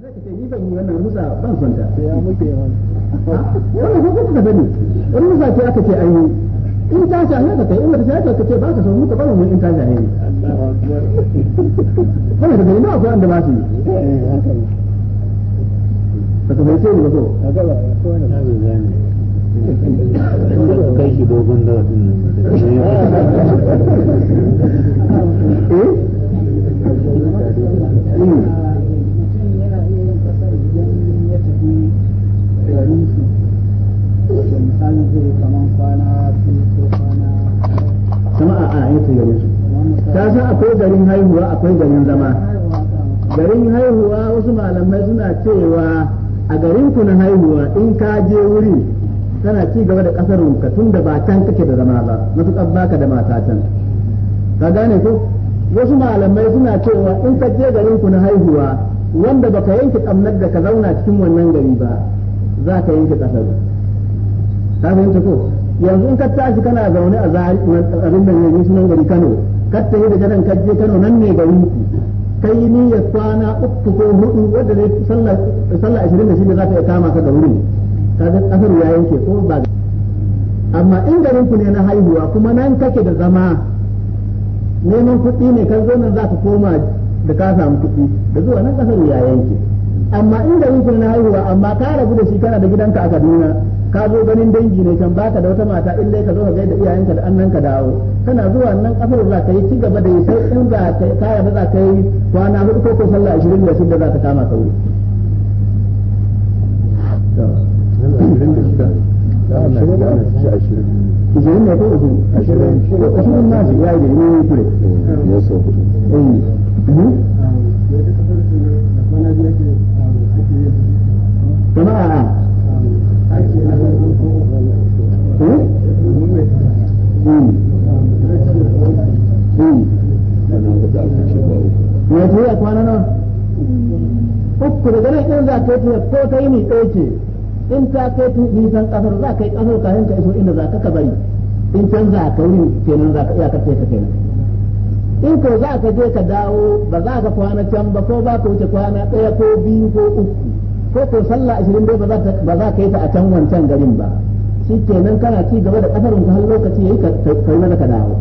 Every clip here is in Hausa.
zai ka ce ni ban yi wannan rusa ban son ta ya muke wannan ko kuka sani rusa ce aka ce an yi in ta shahe ka kai in wata shahe ka ce ba ka so muka bana mun in ta shahe ne wannan daga ina akwai wanda ba su yi ka kamar ce ne ba so kai shi dogon da wasu garin su da misalin zai kaman kwana biyu ko kwana sama a a yanzu garin su ta san akwai garin haihuwa akwai garin zama garin haihuwa wasu malamai suna cewa a garin ku na haihuwa in ka je wuri tana ci gaba da kasar ka tun da ba can kake da zama ba matuƙar baka da mata can ka gane ko wasu malamai suna cewa in ka je garin ku na haihuwa wanda baka yanke kamnar da ka zauna cikin wannan gari ba za ka yanke kasar ka fahimta ko yanzu in ka tashi kana zaune a abin da yanzu sunan gari Kano ka yi da gadon ka je Kano nan ne garin ku kai yi niyya kwana uku ko hudu wadda ne sallah sallah ne za ta kama ka da wuri ga kasar ya yanke ko ba amma in garin ku ne na haihuwa kuma nan kake da zama neman kuɗi ne kan zo nan za ka koma da ka samu kuɗi da zuwa nan kasar ya yanke amma inda yake na haihuwa amma ka rabu da shi kana da gidanka a Kaduna ka zo ganin dangi ne kan baka da wata mata in ka zo ka gaida iyayenka da annanka ka dawo kana zuwa nan kasar za ka yi ci gaba da yi sai in za ka kaya da za ka yi kwana hudu ko ko sallah 26 da za ka kama ka ishirin ne ko ashirin ashirin yi da ne tafiya kai ta ko kai ni kai ce in ta kai tu nisan kasar za ka yi kasar kayan ka iso inda za ka bari in can za ka wurin kenan za ka iya ka kai ka kenan in ko za ka je ka dawo ba za ka kwana can ba ko ba ka wuce kwana ɗaya ko biyu ko uku ko ko sallah ashirin dai ba za ka yi ta a can wancan garin ba shi kenan kana ci gaba da ƙasar ka har lokaci ya yi ka yi mana ka dawo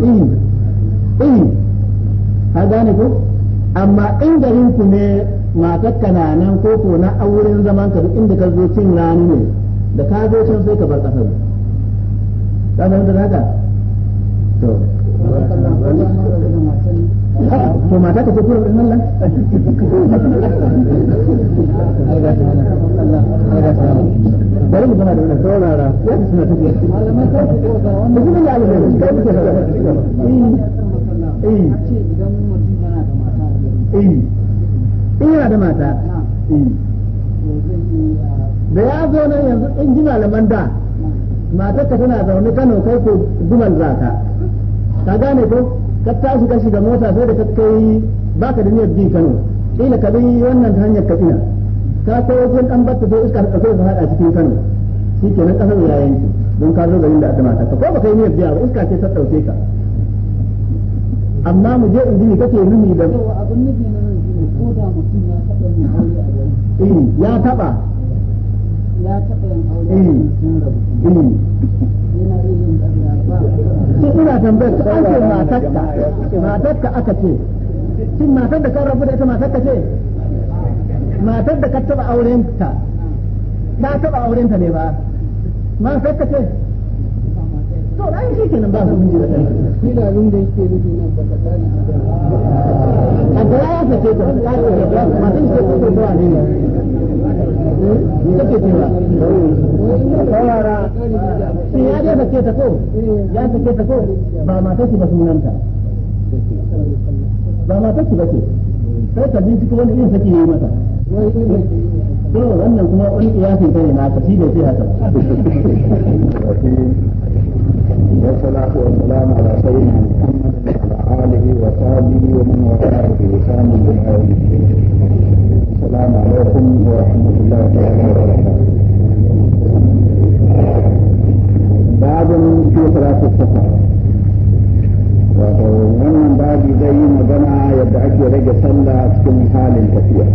eh eh ka gane ko amma in garin ku ne matar nan ko ko na auren zaman ka duk inda ka zo cin rani ne da ka zo can sai ka bar kasar wanda haka to to mata ka ce din Allah bari mu da wannan saurara ya ci na take ka ko ga wannan ne eh, eh. Eh. Eh, ina da mata da ya zo nan yanzu in ji malaman da matar ka tana zaune Kano kai ko gumal za ka gane ko ka tashi ka shiga mota sai da ka kai baka da niyyar bi Kano ila ka bi wannan hanyar ka ina ka kai wajen dan batta sai iska ta sai ka hada cikin Kano shikenan kasar yayin don ka zo garin da aka mata ko ba yi niyyar biya ba iska ce ta dauke ka amma mu je in ji kace nuni da abin nufi na nan ko da mutum ya taba yin aure a yau eh ya taba ya taba yin aure a yau eh, eh. ina tambayar ta an ce matarka matarka aka ce shin matar da kan rabu da ita matarka ce matar da ka taba aurenta ta taba aurenta ne ba matarka ce to da shi kenan ba abin da yake nufi nan ba ka gane a ga ya ta ce ta ma sai ce ko ba ne ne take kawara shi ya dai ta ko ya ce ta ko ba mata ki ba ta ba mata ki ba ce sai ka bincika wani irin take yi mata to wannan kuma wani kiyasin ta na ka shi da ce haka والصلاة والسلام على سيدنا محمد وعلى آله وصحبه ومن والاه بلسان بالعالم السلام عليكم ورحمة الله تعالى وبركاته. باب في صلاة السفر. ومن زي ما بنى يدعك ورجع صلى في حال كثير.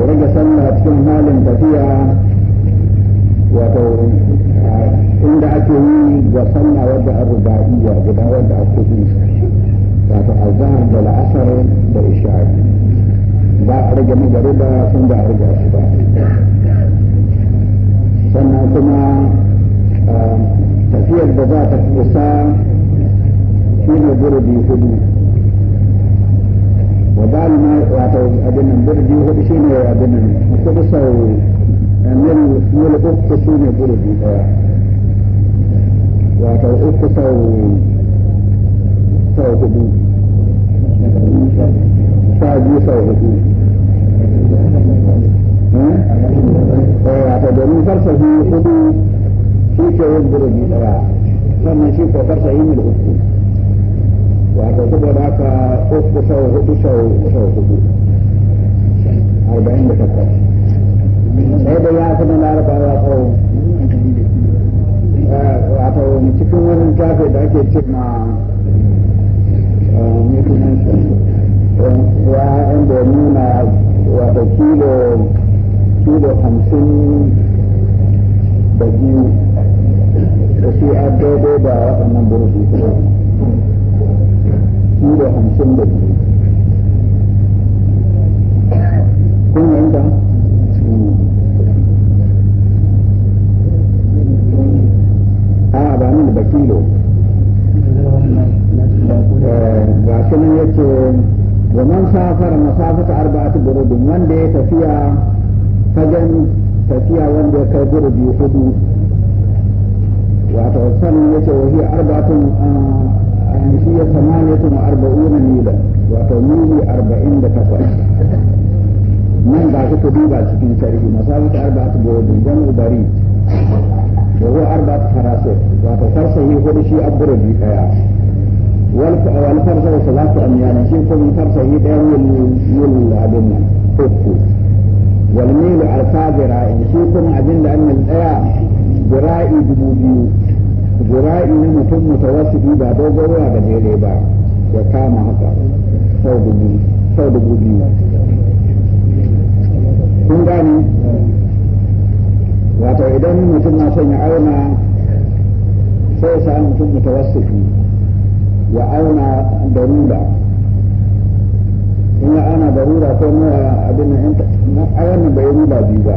ورجع صلى في حال كثير. inda ake yi ga sallah wadda an rubaiya guda wadda ake yi wato azhar da la'asar da isha'i ba a rage magariba sun ba a rage su ba sannan kuma tafiyar da za ta kusa shi ne burbi hudu wa ba wato abin nan burbi hudu shi ne abin nan kudu sau mil uku shi ne burbi daya wata uku sau sau hudu sha biyu sau hudu hudu wato sannan yace wa hiya arba'atun ah, ah, shi ya samaniyatun wa arba'una mila wato mili arba'in da takwas nan ba su kudu ba cikin sharhi masabu ta arba'atu godin don ubari da huwa arba'atu farasir wato yi hudu shi bi daya wal farsahi salatu amyana shi kuma yi daya yul yul abin nan والميل عصا ذراع شيكم عبين لأن الآية ذراعي دبوبيو ذراعي نمتم متوسطي بعد وقوة ba بعد وكام عصا sau dubu biyu kun gane wato idan mutum na son ya auna sai ya sami mutum mutawassifi ya auna da ruda in ya ana darura ko nuna abin nan na wannan bai rula biyu ba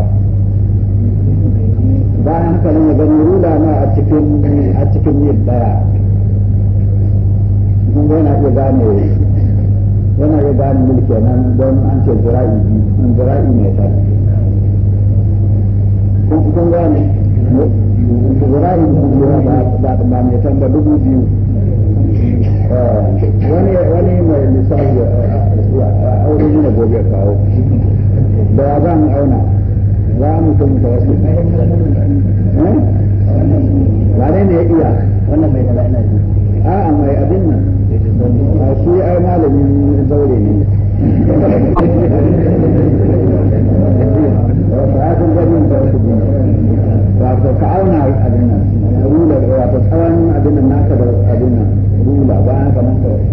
bayan haka ne ya gani rula na a cikin a cikin yin daya kun ga yana iya gane yana iya gane mulki nan don an ce zira'i biyu zira'i mai tare kun kun gane zira'i biyu ba ba mai ta ba dubu biyu eh, wani wani mai misali eh, a aure ne gobe kawo da za mu auna za mu tun ta wasu wane ne ya iya wannan mai da ina ji a'a mai abin nan a shi ai malamin zaure ne wato gabin da wasu biyu wato ka auna abin nan rula wato tsawon abin nan naka da abin nan rula bayan kamar kawai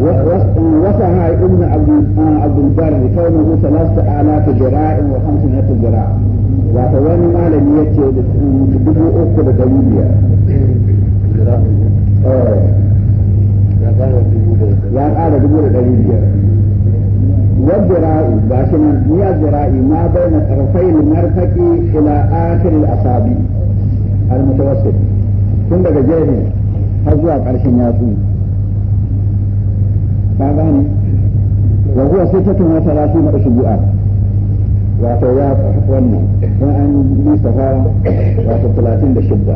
وصفها ابن عبد البر كونه ثلاثة آلاف ذراع وخمسمائة ذراع وأخواني ما لم يأتي بدو أخر دليلية يا قال بدو دليلية والذراع باشنا مئة الذراع ما بين طرفي المرفق إلى آخر الأصابع المتوسط ثم جاهل. هذا قرش ياسين ka gane wa huwa sittatun wa thalathuna usbu'a wato ya wannan in an bi safa wato 36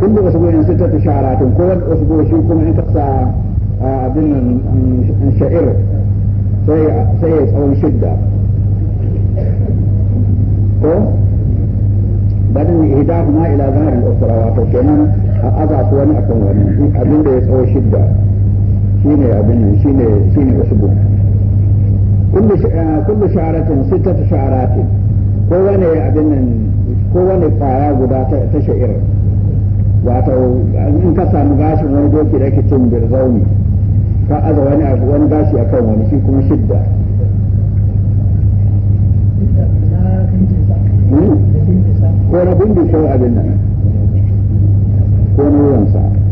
kullu usbu'in sittatu sha'aratin ko wani usbu shi kuma in kasa abin nan sha'ir sai ya tsawon shidda ko badin ihdahuma ila zahar al-ukhra wato kenan a aza wani akan wani abin da ya tsawo shidda shine abin nan shine shine usbu kullu eh, kullu sha'aratin sittatu sha'aratin ko abin nan ko kwaya guda ta sha'ir wato in ka samu gashin wani doki da yake cin birzauni ka aza wani abu wani gashi akan wani shi kuma shidda hmm? ko na bindin shawar abin nan ko na wuyansa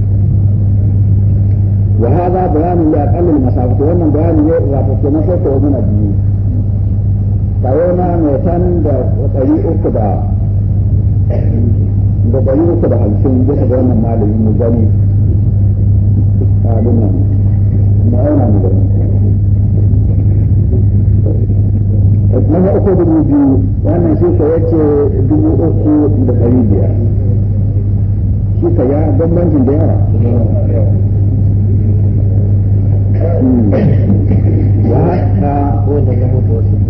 وهذا بيان لأقل المسافة ومن بيان لأقل المسافة ومن الدين فيوما ميتان دقيق كبا دقيق كبا حلسين جسد وانا مالي مجاني آدنا معونا مجاني na uku dubu biyu wannan shi ka yace dubu uku da ɗari biyar shi ka ya bambancin da yawa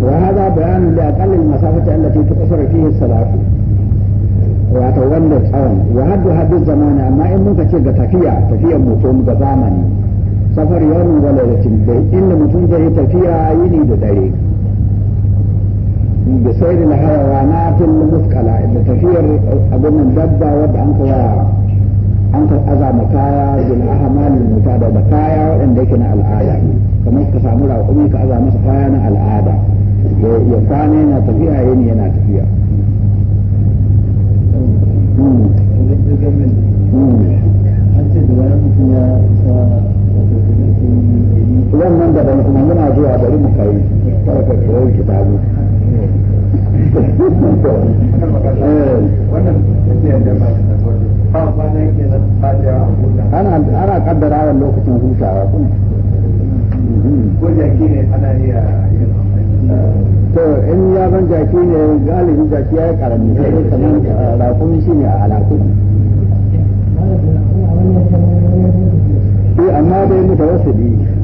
وهذا بيان لأقل المسافة التي تقصر فيه الصلاة وتولد الصوم وهدو هذا الزمان أما إن ممكن تشيء تفيع تفيع مطوم بزامن سفر يوم وليلة بي إلا مطوم جاي تفيع عيني دداري بسير الحيوانات المثقلة ان تفير أبو من دبا وضع أنقوى an ka azama kaya bil ahmal mutada da kaya waɗanda yake na al'ada kamar ka samu raƙumi ka aza masa kaya na al'ada ya kwana na tafiya yini yana tafiya hmm. Hmm. wannan da ban kuma muna zuwa bari mu kai kada ka kitabu ana kaddara wa lokacin hutawa kuma ko jaki ne ana iya yin to in ya zan jaki ne galibin jaki ya yi karami sai kamar eh, rakumi shi ne a alaku amma dai mutawassili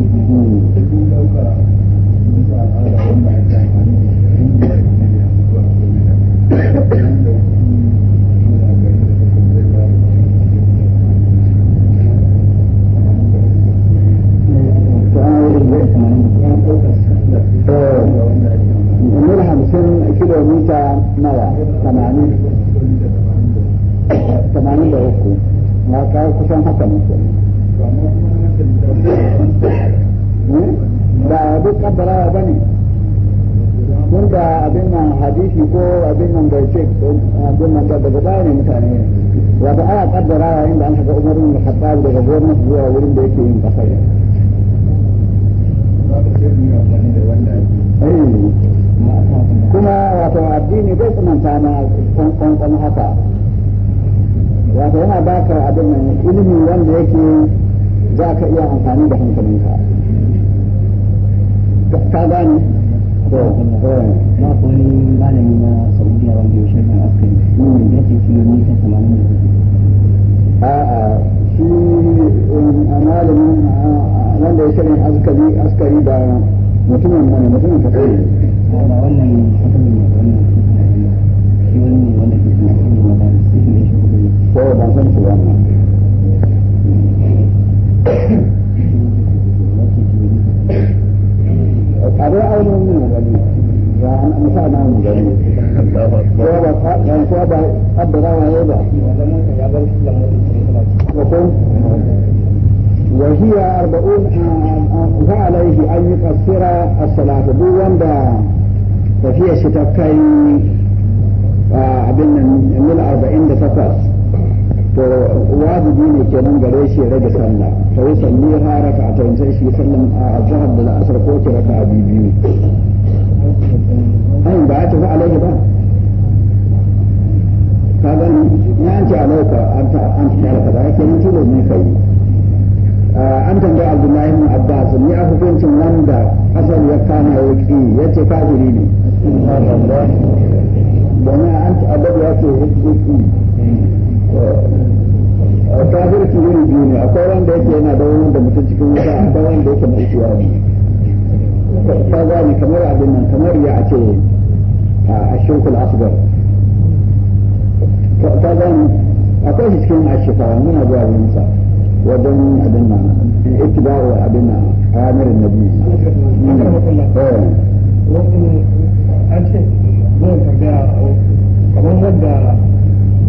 mil hamsin kilomita nawa tamanin tamanin da uku na kusan haka ba duk ba ne da abin nan hadisi ko abin nan bai ce abin nan daga baya ne mutane wata ana an umarin da daga gwamnati zuwa wurin da yake yin kasar kuma wato addini bai kuma ta na kwankwan haka wato yana baka abin nan ilimi wanda yake za ka iya amfani da hankalinka ka gani na malami na wanda askari hmm. yake kilomita 80 a'a shi um, malamin wanda ya shirin askari askari da mutumin mana mutumin kafin wannan kowa a وهي أربعون آه، فعليه أن يقصر الصلاة بو وندا وفي ستكاي آه، عبدنا من الأربعين دفقس وواد ديني كنان غريشي رجي صلى فويسا ليها ركعتين سيشي صلى آه، الظهر بالأسر كوتي ركع بيبيو an ba a ce alaihi ba ka gani na an ce alaika an ta an ta kare ya yake nan tilo ne yi. an tambaye abdullahi abbas ni a hukuncin wanda asali ya kama yaki yace kafiri ne an ce yaki kafirci wuri biyu ne akwai wanda yake yana da wani da mutum cikin wuta akwai wanda yake mai ciwa ne كمر عبد المنتمر يعطي الشوك الأصغر طبعا أتاش كلمة الشفاء من أبو عبد المنصر ودن عبد المنصر اتباع عبد المنصر عامر النبي صلى الله عليه وسلم وقت أنشئ دون كبداء أو كمان مدى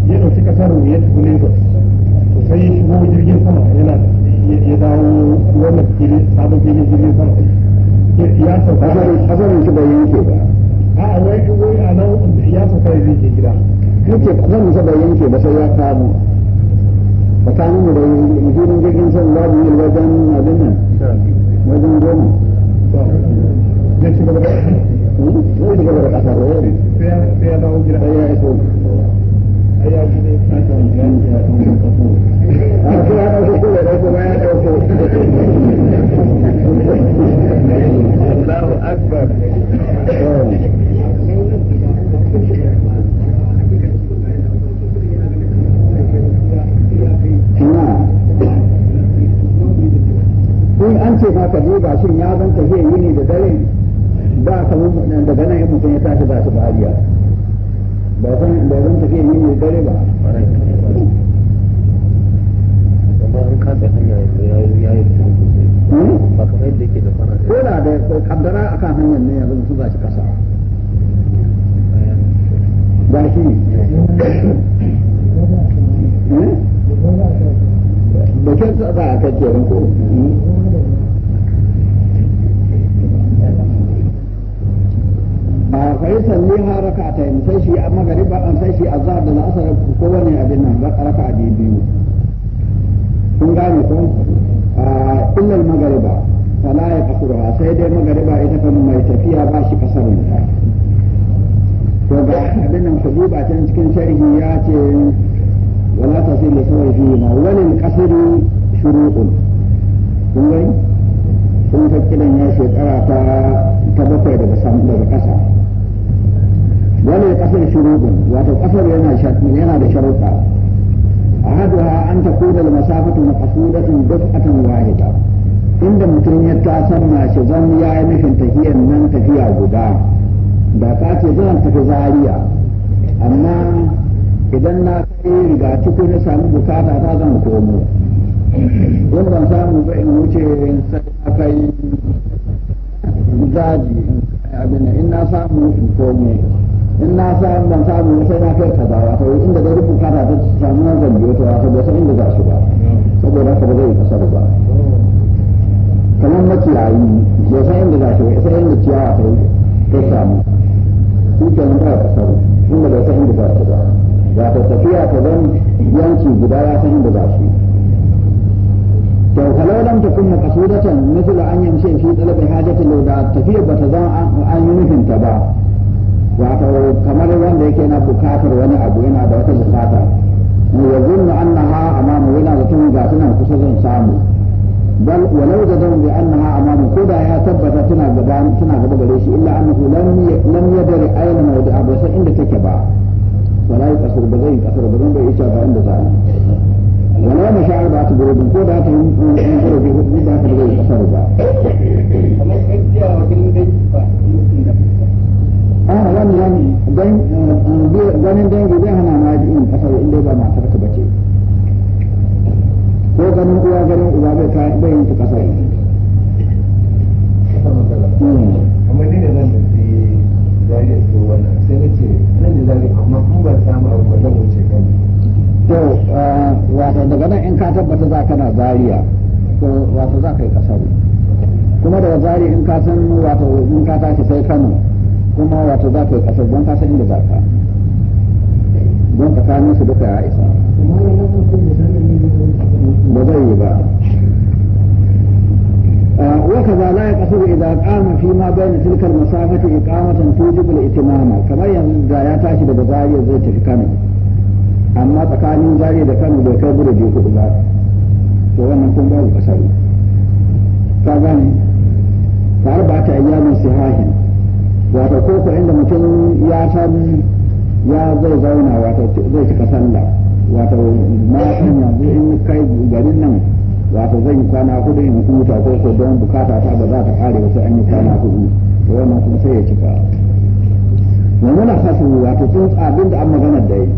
جئنا في كسر ويت كلينتو وسيش مو جرجين سمع يلا يداو ومت جرجين سابق جرجين سمع ya sauka ba shi bai yanke ba a wai wai a nan ya sauka ya zai gida yake azarin shi bai yanke ba sai ya kamu tsakanin da filin jirgin san babu yin wajen abin nan wajen goma ya ci gaba da hmm? ƙasa sai ya dawo gida sai ya iso الله أكبر an ce maka duba shin ya zanta zai yi ne da dare ba kamar daga nan in mutum ya tashi ba su bariya ba zan ba zan tafi ne dare ba amma an hanya ya yi hmm? ba kamar yadda yake da fara ko da da kaddara akan hanyar ne yanzu mutum kasa ba shi hmm? kyan sa za a kai ko hmm? فيصليها ركعتين sai shi a magariba an sai shi azhar da la'asar ko wani abin nan raka'a biyu kun gane ko illa magariba fala ya kasura sai dai magariba ita kan mai tafiya ba shi kasarun ta to ga abin nan kudu ba can cikin sharhi ya ce wala tasil li sawfi ma walil qasri shuruqun kun gani kun ta kidan ya shekara ta ta bakwai daga daga kasa wani kasar shurudun wato kasar yana sharti yana da sharuɗa ha an takuna al-masafatu maqsudatun daf'atan wahida inda mutum ya tasamma shi zan ya yi nufin tafiyar nan tafiya guda da ka zan tafi zariya amma idan na kai riga cikin na samu bukata ta zan komo in ban samu ba in wuce sai na kai daji abin in na samu in komo in na sa in ban samu sai na kai kaza wato inda da rubuta ta ta samu na zan biyo ta wato ba san inda za su ba saboda haka ba zai kasar ba kamar makiyayi ya san inda za su ba sai inda ciyawa ta ta samu su ke nan ba kasar inda da san inda za su ba ta tafiya ta zan yanki guda ya san inda za su to kalau lam takun maqsudatan mithlu an yamshi fi talab hajati law da tafiya bata zan an yi nufinta ba wato kamar wanda yake na bukatar wani abu yana da wata bukata mu ha amma mu yana da tun ga suna kusa zan samu bal walau da zan bi amma mu ko da ya tabbata tana gaba tana gaba gare shi illa an ku lam lam yadri ayna mawdi'a abu sai inda take ba wala kasar ba zai kasar ba zan bai yi ba inda za wala ma sha'ar ba ta gurbin ko da ta yi in ko da ta yi kasar ba kamar kai wa ba ana wannan don ganin dangi zai hana ma yin kasar inda ba matar ka bace ko ganin uwa ganin uwa bai kayan bai yin kasar kamar ni da nan da ke zariya su wannan sai na ce nan da zariya amma kuma ba samu abu ba zan wuce kan to ah, wato daga nan in ka tabbata za kana zariya to wato za ka yi kasar kuma daga zari in ka san wato in ka tashi sai kano kuma wato za ka yi kasar don ka san inda za ka don ka kawo musu duka ya isa ba zai yi ba وكذا لا يقصد إذا قام فيما بين تلك المسافة إقامة توجب الإتمام كما يزد يا تاشي بزاري زي تفكاني أما تكاني زاري دكاني بكبر جيكو الله فوانا نكون باب القصر فأغاني فأربعة أيام صحاحين wato ko ko inda mutum ya san ya zai zauna wato zai cika sallah wato ma san yanzu in kai garin nan wato zan yi kwana hudu in huta ko ko don bukata ta ba za ta kare wasu an yi kwana hudu to wannan kuma sai ya cika wa muna hasu wato sun abin da an magana da yi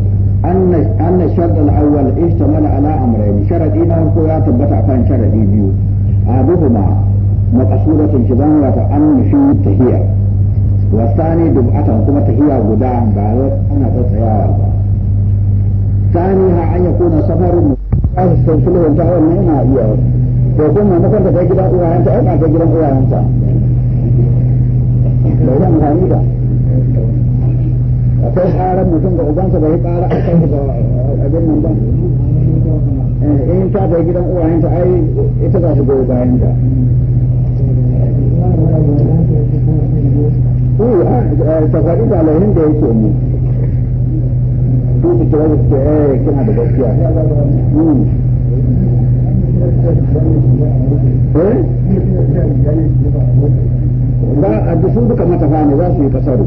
أن الشرط الأول اشتمل على أمرين شرطين هو يتبت عن شرط بيو shi zan wata an في tahiyar wasani dub'atan kuma tahiya guda ba ana tsayawa ba sani ha an yakuna safarun an ta wannan yana iya makon gidan ai ba ta gidan da amfani ba mutum ubansa bai a kan abin nan ba eh, in ta gidan ai ita za su goyi tafaɗi da alaihin da yake mu su su kira da suke eh kina da gaskiya ba a da su duka matafa ne za su yi kasaru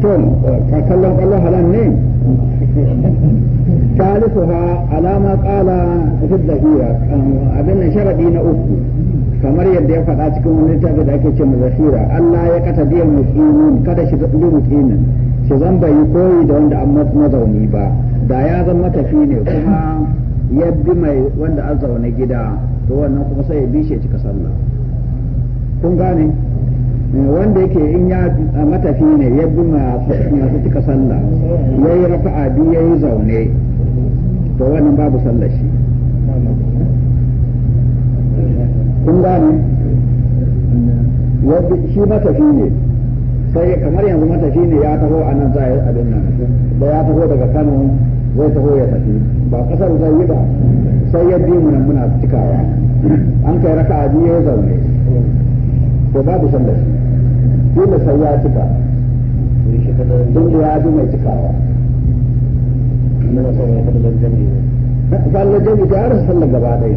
tom ka kallon kallon halan ne ثالثها على ما قال في الظهيرة أبن شرعي أخو kamar yadda ya faɗa cikin wani littafi da ake ce mu zafira Allah ya kata biyan muqimin kada shi da bi muqimin shi zan bai koyi da wanda an mazauni ba da ya zan matafi ne kuma ya bi mai wanda an zaune gida to wannan kuma sai ya bi shi cika sallah kun gane eh, wanda yake in ya matafi ne ya bi masu cika sallah ya yi rafa'a biyu ya yi zaune to wannan babu sallah shi kun gane wadda shi matafi ne sai kamar yanzu matafi ne ya taho a nan zai yi abin nan da ya taho daga kano zai taho ya tafi ba kasar zai yi ba sai ya bi mu nan muna cikawa an kai raka a ya zaune to babu sallar shi dole sai ya cika don ya bi mai cikawa sallar jami'a ta rasa sallar gaba ɗaya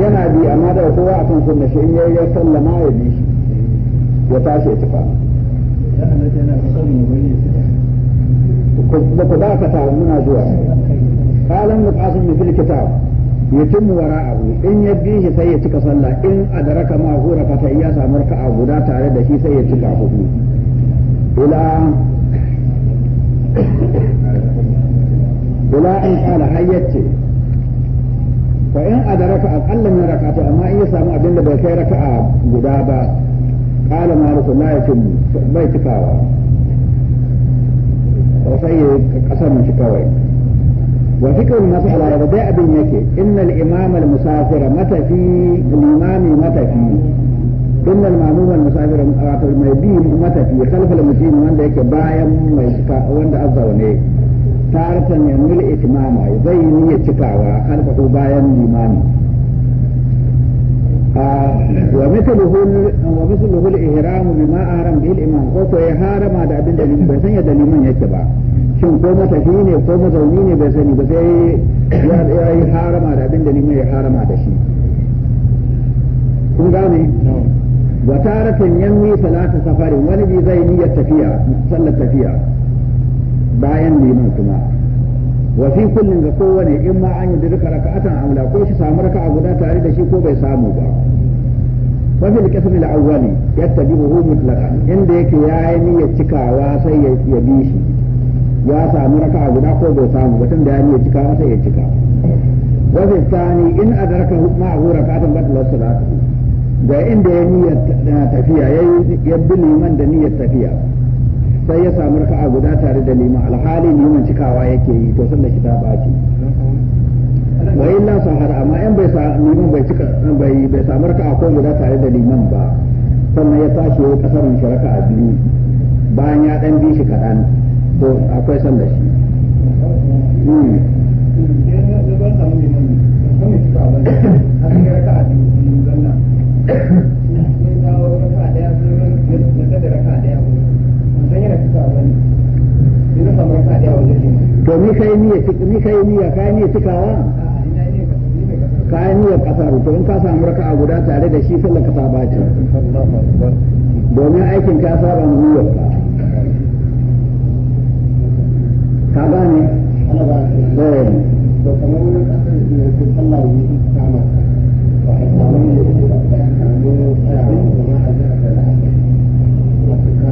yana bi amma da kowa kan sunna shi in yayi ya sallama ya bi shi ya tashi ya tafi ba ku ba ka taro muna zuwa kalan mukasin ne fil kitab yatim wara abu in ya bi shi sai ya cika sallah in adraka ma hura fata ya samar ka abu da tare da shi sai ya cika hudu ila ila in kala hayyace fa in adaraka aqalla min rak'ati amma in ya samu abin da bai kai raka'a guda ba qala maliku la yatimmu bai cikawa wa sai kasar mu kawai wa fikrul mas'ala da dai abin yake innal imam al musafira matafi limami matafi inna al ma'mum al musafir wato mai bi matafi khalfa al muslim wanda yake bayan mai wanda azzaune taratan ya nuna itimama zai yi niyyar cikawa alfahu bayan limani wa mithluhu hul ihramu bima ahram bihi al-imam ko ko ya harama da abin da bai san yadda liman yake ba shin ko matafi ne ko mazauni ne bai sani ba sai ya yi harama da abin da liman ya harama da shi kun gane wa taratan yanmi salata safarin wani bi zai niyyar tafiya sallar tafiya bayan liman kuma wa fi kullum ga kowane in ma an yi duka raka'atan amla ko shi samu raka'a guda tare da shi ko bai samu ba fa fil qism al awwali yattabi'uhu mutlaqan inda yake yayi niyyar cikawa sai ya ya bi shi ya samu raka'a guda ko bai samu ba tunda ya niyyar cikawa sai ya cika wa fi thani in adraka ma'ahu raka'atan batla salatu ga inda ya niyyar eh, tafiya yayi yabbi liman da niyyar tafiya sai ya samu raka'a guda tare da liman alhali liman cikawa yake yi to sallar shi ta baci wa illa sahar amma in bai liman bai cika bai bai samu raka'a ko guda tare da liman ba sannan ya tashi ya kasarin shi raka'a biyu bayan ya dan bi shi kaɗan to akwai sallar shi Thank hmm. you. to ni kai ni ni kai kai tikawa kai to in ka samu raka'a guda tare da shi sallar ka ta domin aikin ka saba mu ka ka gane eh to kamar wani kasar ne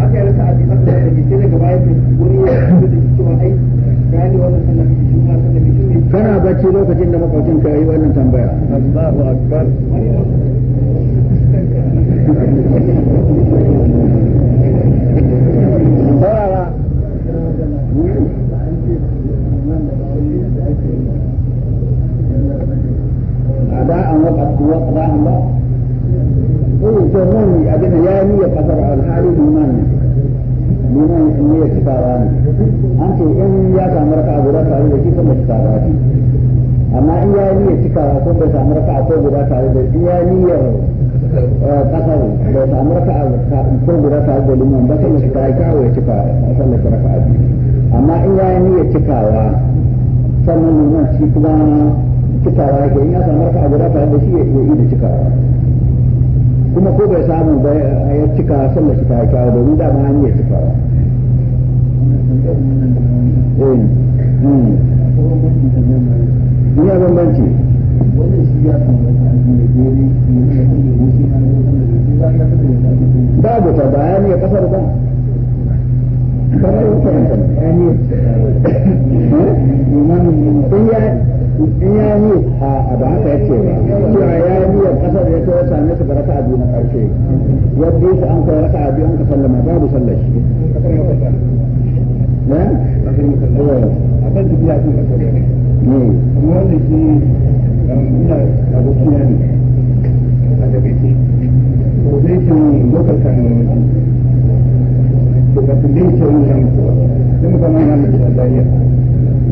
akan rasa hati tak ada lagi kira kebaikan dunia itu di situ ai kan dia orang sana di rumah sana di sini kana baca lokacin da makocin ka yi wannan tambaya Allahu akbar وقضاء الله قل جمعني أبنى يامي قدر الحال الإيمان nuna in ne cikawa ne an ce in ya samu guda tare da shi kuma cikawa ce amma in ya niyyar cikawa ko bai samu ko guda tare da shi ya eh, kasar bai samu ko guda tare da ba sai cikawa ya a amma in ya niyyar cikawa sannan kuma in ya samu guda tare da shi ya yi da cikawa kuma ko bai samu ba ya cika sallar shi ta kyawu domin da ma hanyar cika ba eh, hmm, hmm. ya bambanci babu ta bayan ya kasar ba kamar ya in ya yi a ba haka yace ba ya yi niyyar kasar ya ta wata ne suka raka abu na karshe wanda yake an kai raka abu an ka sallama babu sallar shi ne akan tafiya kan kasar ne kuma wanda shi ina abokina ne a takaice ko zai ce lokacin kan to ka tambaye shi wannan ko kuma na da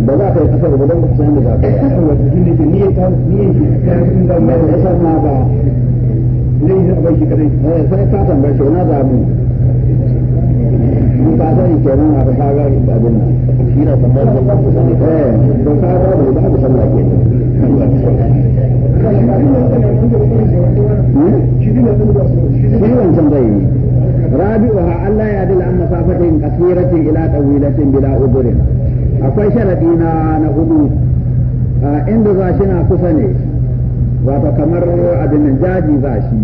ba za ka yi kasar ba don kusan da za ka yi kasar wata shi ne ke niyyar ta niyyar shi ta yi da mai kasar ma ba zai yi abai shi kadai sai ka tambaye shi wani zamu mun ba zai kenan a ka ga abin nan shi na tambayar da ba ku sani eh ba ka ga ba ba ku sani ke shi wancan zai yi rabi'uha Allah ya dila an masafatin kasiratin ila tawilatin bila udurin akwai sharadi na na hudu inda za shi na kusa ne wato kamar abin jaji za shi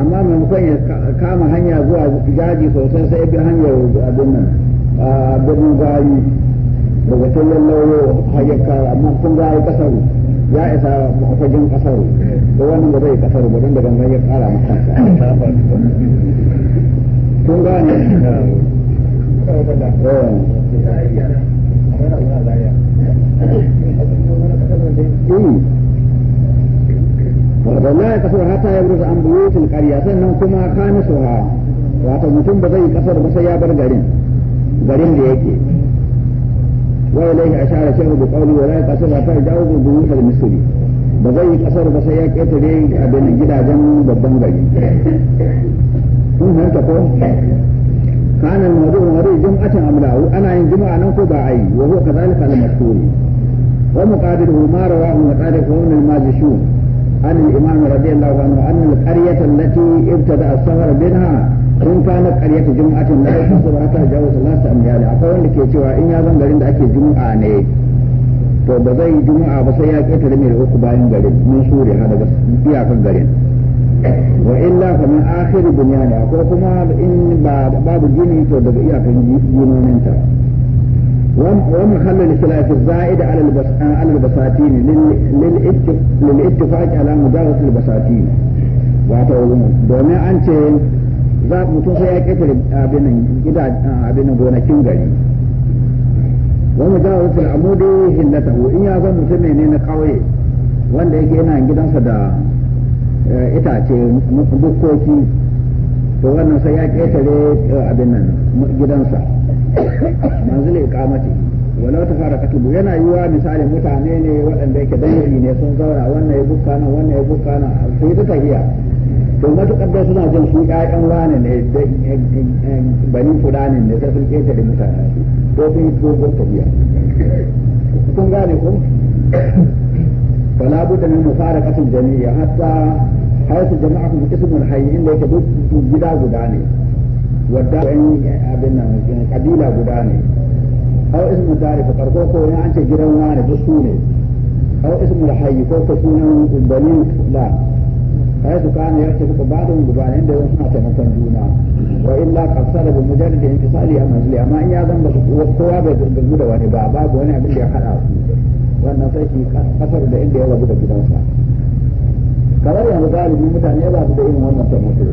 amma maimakon ya kama hanya zuwa jaji sosai sai bi hanyar abin nan birnin gari daga can lauro hayyaka amma kun gari kasar ya isa mafajin kasar da wannan ba zai kasar ba don da gangan ya kara makansa kun gane wala ya kasar hata ya burza an buyutul qarya sannan kuma kana suha wata mutum ba zai kasar ba sai ya bar garin garin da yake wa ilaihi ashara shehu bi qawli wala ya kasar hata ya jawu buyutul misri ba zai kasar ba sai ya ketare abin gidajen babban gari kun hanta ko كان الموضوع مريض جمعة أم لا أنا إن جمعة ننقض أي وهو كذلك المشهور ومقابله ما رواه مطارق ومن الماجشون عن الإمام رضي الله عنه أن القرية التي ابتدأ karyata juma'atin la yahsu ba amyali akwai wanda ke cewa in ya garin da ake juma'a ne to ba zai juma'a ba sai ya keta uku bayan garin wa illa fa min akhir bunyani ko kuma in ba babu gini to daga iyakan ginonin ta ومحل الخلاف الزائد على على البساتين للاتفاق على مجاوزة البساتين wato domin an ce za mutum sai ya ƙetare abin gonakin gari wani jawo amudi hillatahu in ya zan mutum ne na kauye wanda yake yana gidansa da itace bukkoki to wannan sai ya ƙetare eh, abin nan gidansa manzilin ikamati wala ta fara katubu yana yiwa misali mutane ne waɗanda yake dangi ne sun zauna wannan ya bukka nan wannan ya bukka nan sai duka hiya to matuƙar dai suna jin su ƴaƴan wani ne eh, eh, bani fulani ne sai sun ƙetare mutane to sun yi dogon tafiya kun gane ko فلا بد من مفارقة الجميع حتى حيث جمعكم اسم الحي إن لك جدا غداني والدار أبنا قبيلة غداني أو اسم الدار فقرقوك يعني أنت جرواني دسوني أو اسم الحي كوك سونا البنين لا حيث كان يرتفق بعضهم ببعض عند يوم تمكن دونا وإلا قد صار بمجرد انفصالها منزلها ما إن يظن بس هو بالمدونة بابا وأنا باللي حرام wannan sai shi kasar da inda ya rabu da gidansa kamar yanzu galibin mutane ya su da irin wannan samutu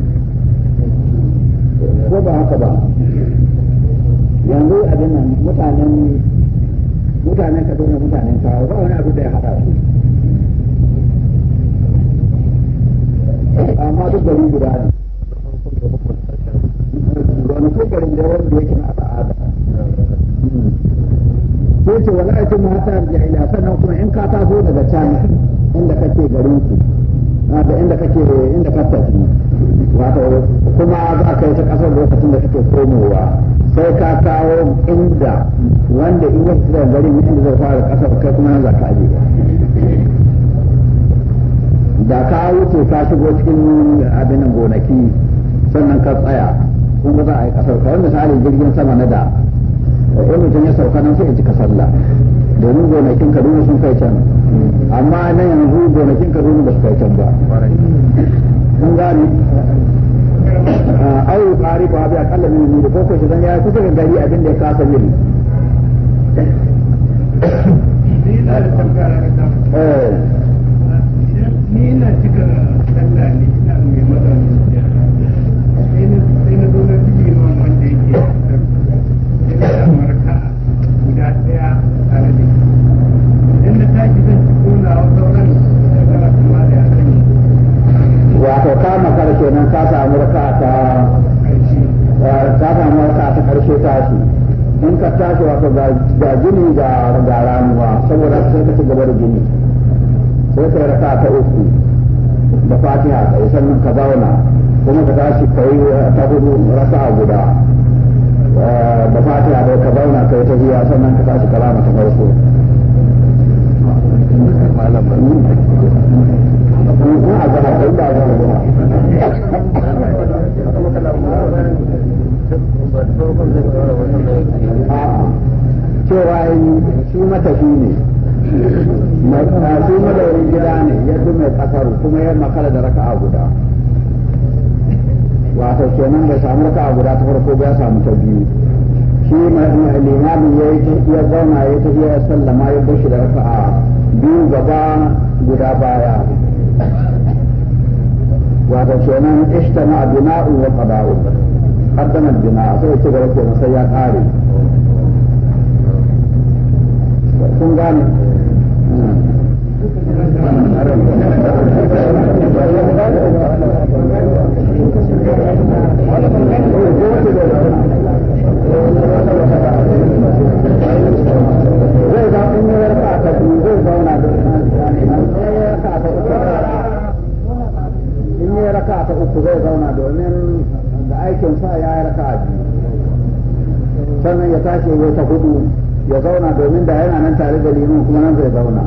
ko ba haka ba yanzu abin nan mutanen mutanen kaduna mutanen kawo ba wani abu da ya haɗa su amma duk gari guda ne wani ko garin da wanda yake na al'ada hmm. sai ce wala aitu ma ta ila sannan kuma in ka taso daga can inda kake garin ku da inda kake inda ka tafi wato kuma za ka yi ta kasar lokacin da kake komowa sai ka kawo inda wanda in yake da garin inda zai fara kasar kai kuma za ka je da ka wuce ka shigo cikin abin gonaki sannan ka tsaya kuma za a yi kasar kawai misali jirgin sama na da Eh, in mutum ya sauka nan sai ya cika sallah domin gonakin kaduna sun kai can amma na yanzu gonakin kaduna ba su kai can ba kun gane ah, au ƙari ba bi akalla min mu ko ko shigan ya kusa ga gari abin da ya kasa yin eh. ni ina cika sallah ne ina mai matsala ka samu raka ta ka samu raka ta karshe tashi in ka tashi wato ga jini ga ga ramuwa saboda sai ka ci gaba da jini sai ka raka ta uku da fatiha kai sannan ka zauna kuma ka tashi kai eh, ta hudu raka guda eh, da fatiha da ka zauna kai ta hiya sannan ka tashi kalama ta farko a ba cewa yi shi matafi ne shi madaurin gida ne ya fi mai kasaru kuma ya makara da raka'a guda wato kenan bai samu raka'a guda ta farko ba ya samu ta biyu shi limamin ya yi ya zauna ya tafiya ya sallama ya bushe da raka'a biyu gaba guda baya هذا كينان اجتمع بناء وقضاء قدم البناء سوى تقرأ كينا سيئة قاري sun آه. Thank you. raka ta uku zai zauna domin da aikin sa ya yi raka biyu sannan ya tashi ya ta hudu ya zauna domin da yana nan tare da liman kuma nan zai zauna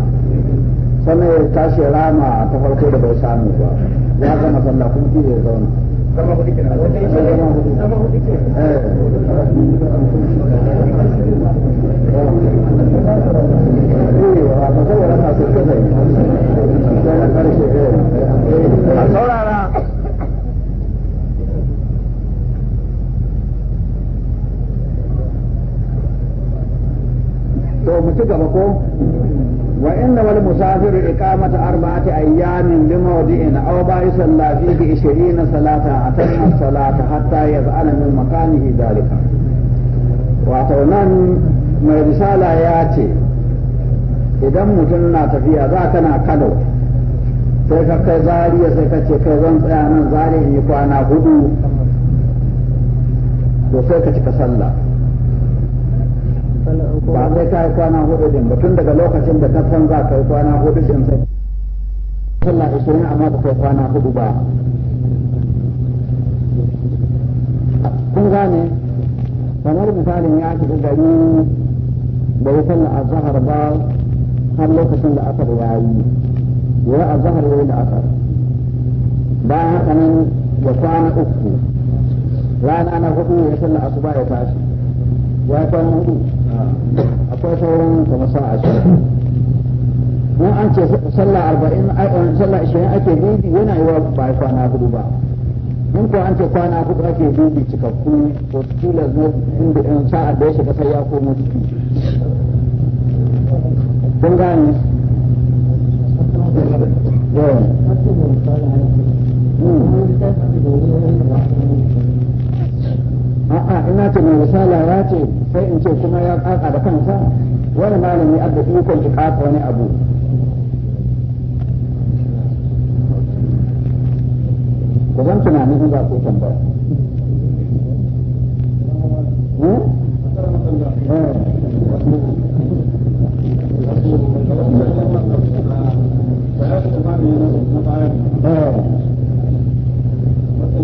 sannan ya tashi rama ta farko da bai samu ba ya gama sallah kuma zai zauna Eh, to mu ci gaba ko wa inna wal musafir iqamata arba'ati ayyamin bi mawdi'in aw ba'isan la fi 20 salata atanna salata hatta yaz'ala min makanihi dalika wato nan mai risala ya ce idan mutum na tafiya za ka na kano sai ka kai zariya sai ka ce kai zan tsaya nan zariya in yi kwana hudu to sai ka cika sallah ba sai ka yi kwana hudu din ba tun daga lokacin da ka san za ka yi kwana hudu din sai sallah ishirin amma ba yi kwana hudu ba kun gane kamar misalin ya shiga gari da ya sallah a zahar ba har lokacin da asar ya yi ya a zahar ya yi da asar bayan haka nan da kwana uku rana na hudu ya sallah asuba ya tashi ya kwana hudu akwai sauran kamar sa'a shi Mun an ce sallah arba'in eh, sallah ashirin ake dubi yana yi wa ba kwana hudu ba in ko an ce kwana hudu ake dubi cikakku ko kila inda in sa'a da ya shiga sai ya komo ciki don gane yawan hmm. a'a ina ce mai misala ya ce sai in ce kuma ya kaka da kansa wani malami adda ikon ki kaka wani abu ku zan tunani in za ku tambaya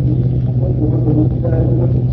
Thank hmm? you. Hmm? Hmm?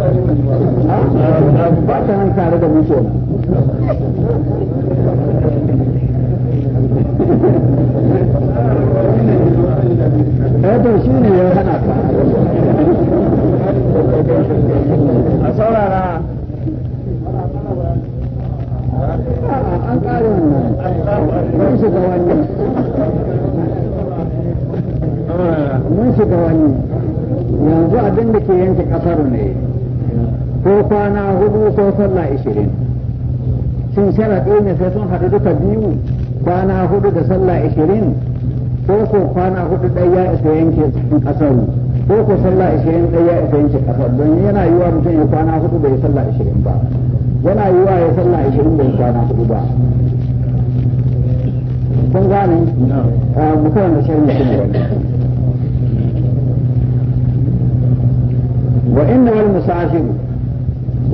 ba ta nan tare da mu kenan eh shi ne ya hana ka a saurara an ƙare mu. mun shiga wani mun shiga yanzu abin da ke yanke ƙasar ne ko kwana hudu ko sallah ishirin shin sharaɗi ne sai sun haɗu duka biyu kwana hudu da sallah ishirin ko ko kwana hudu ɗaya ya isa yanke cikin ƙasar ko ko sallah ishirin ɗaya ya isa yanke ƙasar don yana yiwa mutum ya kwana hudu bai sallah ishirin ba yana yiwa ya sallah ishirin bai kwana hudu ba kun gane mu karanta shirin mutum wa inna wal musafir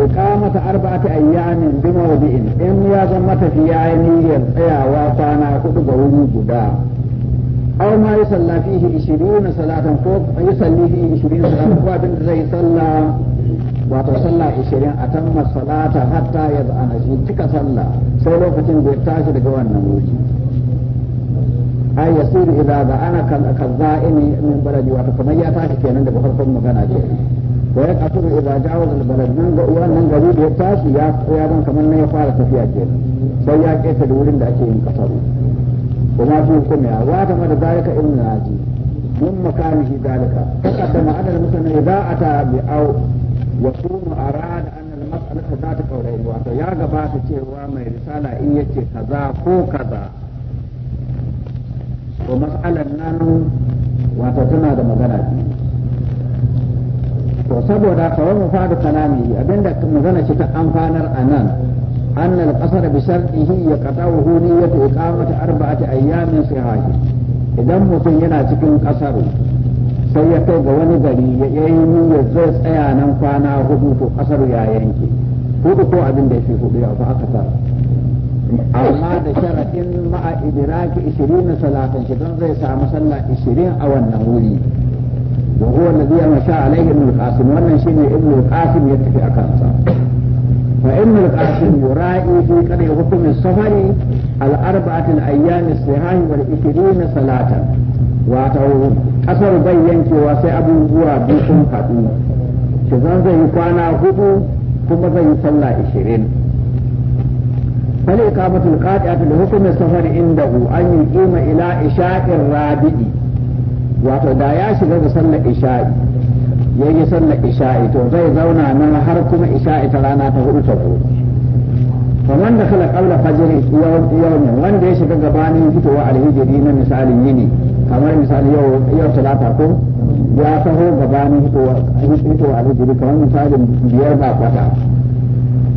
إقامة أربعة أيام بموضع إن يا زمت في عيني القيا وفانا كتب وجودا أو ما يصلى فيه عشرين صلاة فوق يصلي فيه عشرين صلاة فوق بنت زي صلى وتصلى عشرين أتم الصلاة حتى يضعن شيء صلى سيلو فتن بيتاش لقوى النموذج أي yasiru إذا za'ana kal من بلدي baladi wa تاشي ya tashi kenan da farkon wa ya kasuru idza ja'awa al nan ga wannan gari da ya tashi ya ya ban kamar na ya fara tafiya ke sai ya keta da wurin da ake yin kasaru kuma su kuma ya wa da zalika na naji mun makami shi zalika taqaddama adal za a ta bi au wa kuma arada an al ta zata qawlain wato ya gabata cewa mai risala in yace kaza ko kaza to mas'alan nan wato tana da magana biyu to saboda sawabin fadu kalami abinda magana shi ta amfanar a nan ya القصر بشرطه ya ta إقامة arba'ati ayyamin صحاحي idan mutum yana cikin kasar sai ya kai ga wani gari ya yi niyyar zai tsaya nan kwana hudu to kasar ya yanke hudu ko abin da ya fi hudu ya fa aka tara amma da sharaɗin ma'a idiraki 20 salatin shi don zai samu sallah 20 a wannan wuri وهو الذي مشى عليه ابن القاسم وانا شيء ابن القاسم يتفي أكانسا فان القاسم يرائي في قدر حكم السفر الأربعة الأيام الصحاح والعشرين صلاة واتو أثر بينك واسع أبو بوا بيكم قدو شزان زي كوانا هدو كما زي صلى عشرين فالإقامة القاطعة لحكم السفر عنده أن يقيم إلى إشاء الرابع wato da ya shiga da sallar isha'i ya yi sallar isha'i to zai zauna nan har kuma isha'i ta rana ta hudu ta hudu kamar da kala kaula fajiri yau wanda ya shiga gabanin fitowa alhijiri na misalin yini kamar misali yau yau talata ko ya taho gabanin fitowa alhijiri kamar misalin biyar ba kwata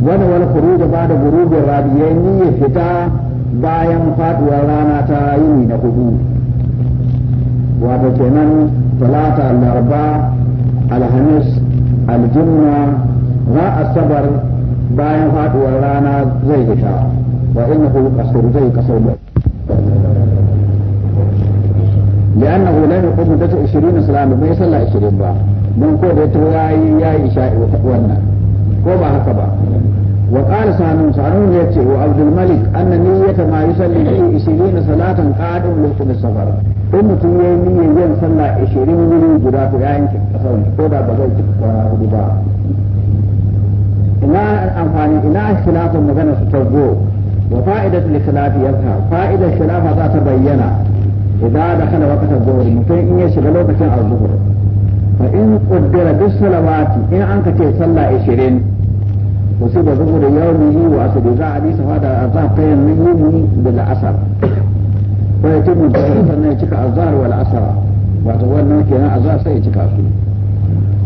wani wani kuru da ba da gurubin rabi ya fita bayan faduwar rana ta yini na hudu وابو تيمن ثلاثة على الهمس الجنة غاء الصبر باين فات ورانا زي إشاء وإنه قصر زي قصر لأنه لم يقوم مدة عشرين صلاة ما يصلى عشرين با من كو بيتر يا ياي إشاء وتقوانا كو با هكبا وقال سانون سانون يتشه عبد الملك أن نية ما يصلي به 20 صلاة قادم لكم السفر in mutum ya yi niyyar yin sallah ishirin wuri guda to ya yanke kasar ko da ba zai cika kwana hudu ba ina amfani ina khilafin magana su tabbo wa fa'idatul khilaf yazhar fa'idar khilafa za ta bayyana idan da kana wakata zuhur mutum in ya shiga lokacin azhur fa in qaddara bis salawati in an ka ce sallah ishirin to sai da zuhur yawmi wa asr za a bi safa da azhar kayan yini da asar فيتم الظهر فإنه يتكع الظهر والعصر وأتوالنا كنا أظهر سيتك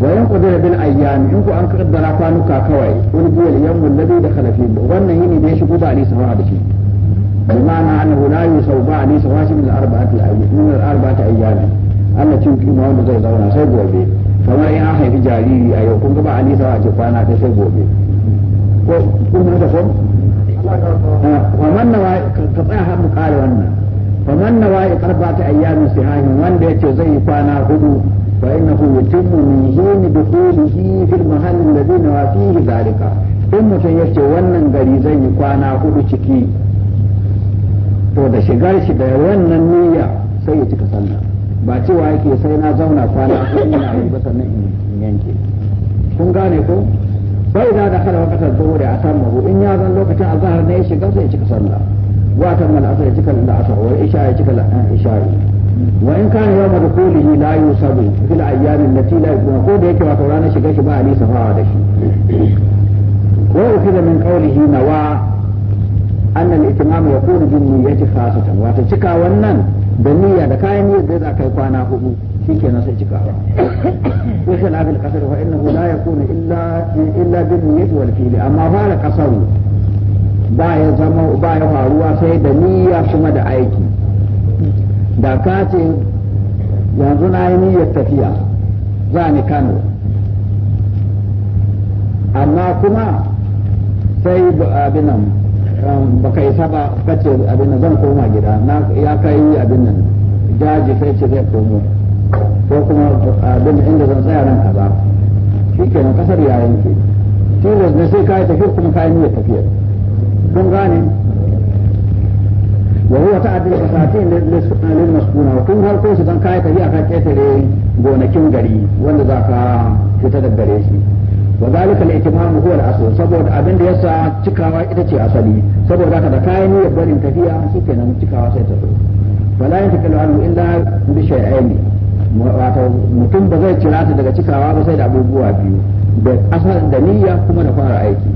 وينقضي بالأيام إنكو أنك قدر أقوانك كوي ونقول اليوم الذي دخل فيه وأنه ليش قضى عليه سواء بشيء بمعنى أنه لا يصوب لي سواء من الأربعة الأيام من الأربعة أيام التي يقيمها لزي هو سيبوا به kamar بي فما haifi jariri a yau kun ga ba a nisa a ce kwana ta sai gobe ko kun da ko فمن nawa iqarbata ayyamin sihahin wanda yace zai yi kwana hudu fa innahu yutimmu min hini dukhulihi fil mahall alladhi nawa fihi zalika in mutum wannan gari zai yi kwana hudu ciki to da shigar shi da wannan niyya sai ya cika sallah ba cewa yake sai na zauna kwana hudu ina yi ba sannan in yanke kun gane ko bai da dakhala waqtan a atamma in ya zan lokacin azhar ne ya sai ya cika sallah watan wal asr ya cika da asr wa isha ya cika da isha wa in kana yawma dukulihi la yusabu fil ayyamin lati la yakuna ko da yake wato ranar shiga shi ba ali safawa da shi wa ukida min qawlihi nawa anna al-itimam yakunu bin niyyati khasatan wato cika wannan da niyya da kayan niyyar da za kai kwana hudu shikenan sai cika wa khilaf al-qasr fa innahu la yakunu illa illa bin niyyati wal fi'li amma fara qasaru ba ya zama ba ya faruwa sai da niyya kuma da aiki da ka ce yanzu na yi niyyar tafiya za ni kano amma kuma sai abin nan um, ba ka isa ba kace abin nan zan koma gida ya kai abin nan jaji sai ce zai komo ko kuma abin inda zan tsaya nan kaza shi kenan kasar ya yanke tilas ne sai ka yi tafiyar kuma ka yi niyyar tafiyar kun gane wa huwa ta'addul fasatin lil masuna wa kun harko shi dan kai tafiya ka ketare gonakin gari wanda zaka fita da gare shi wa zalika al-ihtimamu huwa al-asl saboda abin da yasa cikawa ita ce asali saboda haka da kayan niyyar barin tafiya shikenan cikawa sai ta zo fala yantakalu anhu illa bi shay'ain wato mutum ba zai cira ta daga cikawa ba sai da abubuwa biyu da asal da niyya kuma da fara aiki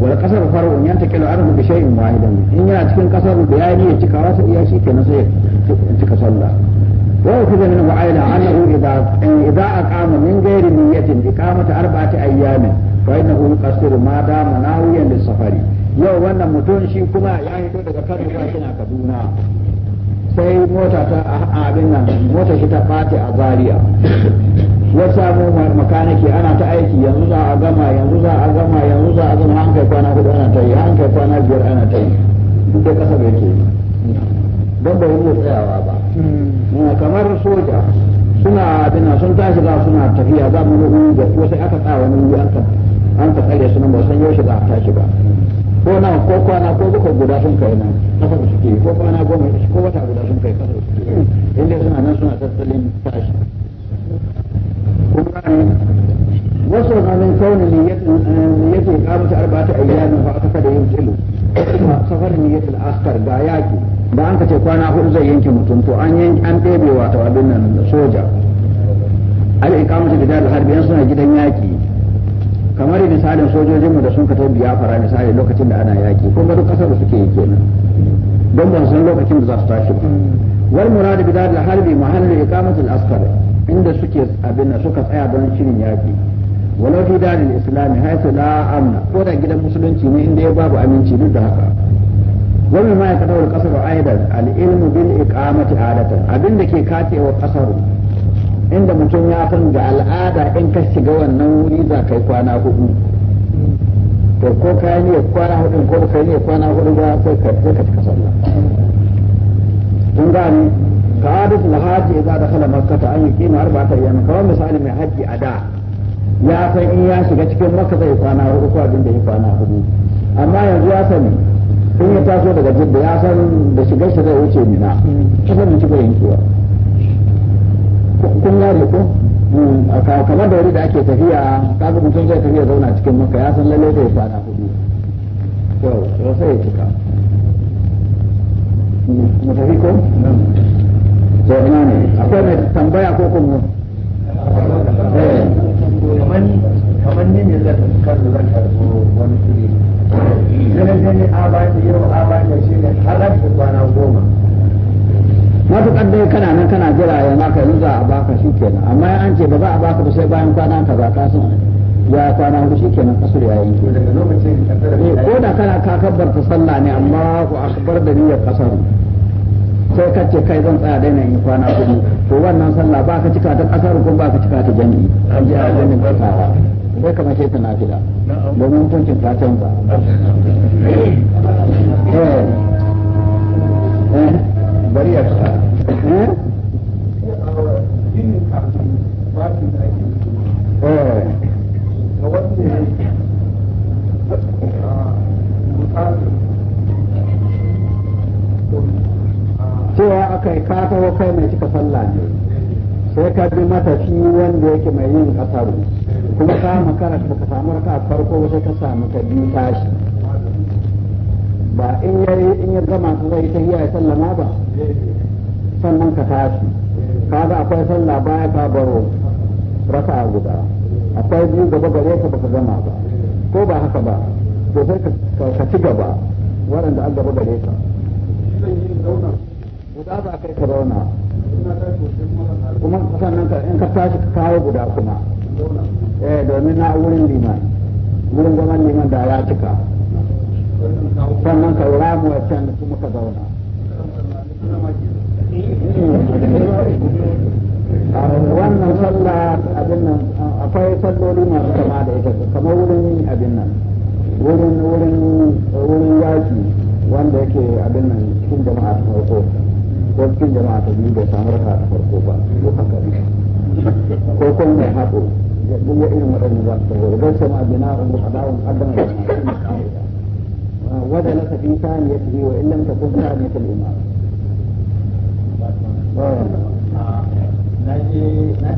wal kasar faru yan ta kilo arhu bi shay'in wahidan in yana cikin kasar da ya yi cika wasu iya shi kenan sai cika sallah wa ukhidha min wa'ila annahu idza idza aqama min ghairi niyyatin iqamata arba'ati ayyamin fa innahu yuqassiru ma dama nawiyan lis safari yau wannan mutum shi kuma ya hito daga Kano ba shi na Kaduna sai mota ta abin nan mota shi ta fati a Zaria mu samu makaniki ana ta aiki yanzu za a gama yanzu za a gama yanzu za a gama an kai kwana hudu ana ta yi an kai kwana biyar ana ta yi duk da kasa bai ke yi don bai yi tsayawa ba hmm. kamar soja suna abin sun tashi za suna tafiya za mu nuhu da ko sai aka tsawa wani wuri an ka tsare su nan ba san yaushe za a tashi ba ko nan ko kwana ko bakwai guda sun kai nan kasa da suke ko kwana goma ko wata guda sun kai kasa da suke inda suna nan suna tattalin tashi wasu ne halin eh, kaunin niyyatu iqamatu arba'ati ayyamin fa aka da yunjilu safar yake askar ga yaki da an kace kwana hudu zai yanke mutum to an yanke an ɗebe wa tawadun nan soja al iqamatu bidal harbi yan suna gidan yaki kamar misalin sojojin mu da sun fito biyafara misali lokacin da ana yaki ko ba duk kasar da suke yi kenan don ba san lokacin da za su tashi ba hmm. wal murad bidal harbi mahallu iqamatul askar inda suke abin suka tsaya don shirin yaƙi walau fi dalil islami haitu la amna ko da gidan musulunci ne inda ya babu aminci duk da haka wani ma ya kadawar kasar aidan al'ilmu bil iqamati adatan abin da ke katewa kasar inda mutum ya san ga al'ada in ka shiga wannan wuri za kai kwana hudu to ko ka yi ne kwana hudu ko ka yi ne kwana hudu ba sai ka sai ka cika kun gane كعادة الحاج إذا دخل مكة أن يقيم أربعة أيام كما مثال من حج أداء يا سن إن يا شيخ cikin Makka zai kwana uku abin da ya kwana hudu amma yanzu ya sani in ya taso daga Jidda ya san da shigar shi zai wuce Mina kusa mun cika yankewa kun yare ko kamar da wuri da ake tafiya kaga mutum zai tafiya zauna cikin Makka ya san lalle zai kwana hudu to sai ya cika mu tafi ko to ina ne akwai mai tambaya ko kuma eh. kamar ni ne zan karɓi zan karɓi wani kuɗi zan gani abani yau abani shi ne halar da kwana goma matuƙar dai kana nan kana jira ya maka yanzu a baka shi kenan amma an ce ba za a baka ba sai bayan kwana ka ba ka sun ya kwana hudu shi kenan kasur ya yanke eh, ko da kana ka kabbarta sallah ne amma ku akbar da niyyar kasar ce kai zan tsaya daina yin kwana kudu to wannan sallah ba ka cika ta kasar ko ba ka cika ta jami'i an ji a ganin kasawa bai kamar ce ta nafila domin hukuncin ta canza eh. Eh. bari ya fita eh, eh. cewa aka yi kafa wa kai mai cika sallah ne sai ka bi mata shi wanda yake mai yin kasar kuma ka makara ka ka samu raka farko sai ka samu ka biyu tashi ba in ya in ya gama su zai ta hiya sallama ba sannan ka tashi kaga akwai sallah baya ka baro raka guda akwai biyu gaba gare ka baka gama ba ko ba haka ba to sai ka ci gaba waɗanda an gaba gare ka za kai ka zauna kuma sannan ka in ka tashi ka kawo guda kuma eh domin na wurin liman wurin gaban liman da ya cika sannan ka ramu wancan kuma ka zauna wannan sallah abin nan akwai salloli masu kama da ita kamar wurin abin nan wurin wurin wurin yaki wanda yake abin nan cikin jama'a farko ko jama'a ta biyu bai samu raka ta farko ba ko haka ko kuma mai haɗo ya irin waɗannan za su tawo idan sai ma bina un adawun adama da wada na tafi sani ya tafi wa ilan ta sani ta lima na je na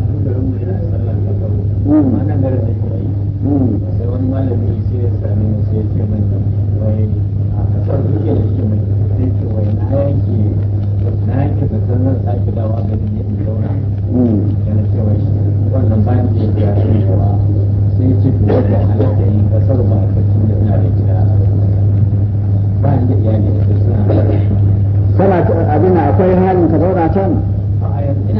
tafi tafiyar da yi kasar ba a kasu da suna da gida ba ni da iyali da suna kana abin akwai halin ka zauna can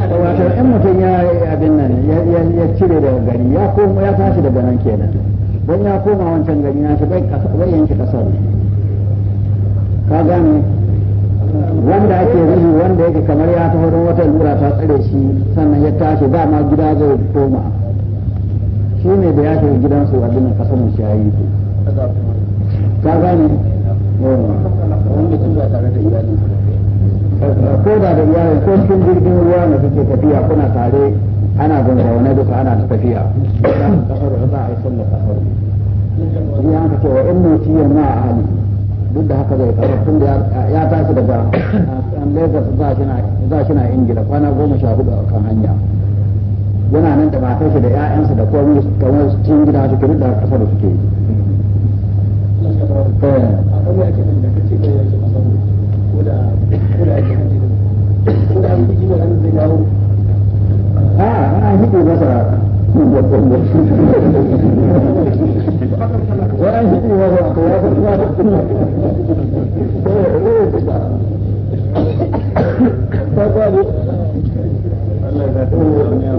da wato in mutum ya abin nan ya cire da gari ya koma ya tashi daga nan kenan don ya koma wancan gari na shi bai yanke kasar ka gane wanda ake ruhi wanda yake kamar ya taho don wata lura ta tsare shi sannan ya tashi dama gida zai koma shi ne da ya shiga gidansu a binin kasar mu shi yayi to ka gane ko da da iyalin ko cikin jirgin ruwa da suke tafiya kuna tare ana gungawane duka ana tafiya a shi ya ka cewa in mutu a hali duk da haka zai kasar tun da ya tashi daga Lagos za shi na Ingila kwana goma sha hudu a kan hanya yana nan da matar shi da ƴaƴansa da komai kamar cikin gida su kiri da kasar da suke a ana hidi masa ya